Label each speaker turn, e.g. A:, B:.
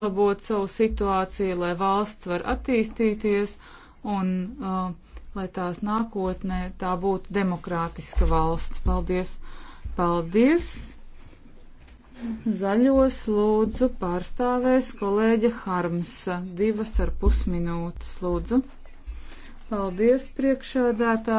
A: uzlabot savu situāciju, lai valsts var attīstīties un uh, lai tās nākotnē tā būtu demokrātiska valsts. Paldies! Paldies!
B: Zaļos lūdzu pārstāvēs kolēģa Harmsa. Divas ar pusminūtes lūdzu.
C: Paldies priekšādātā.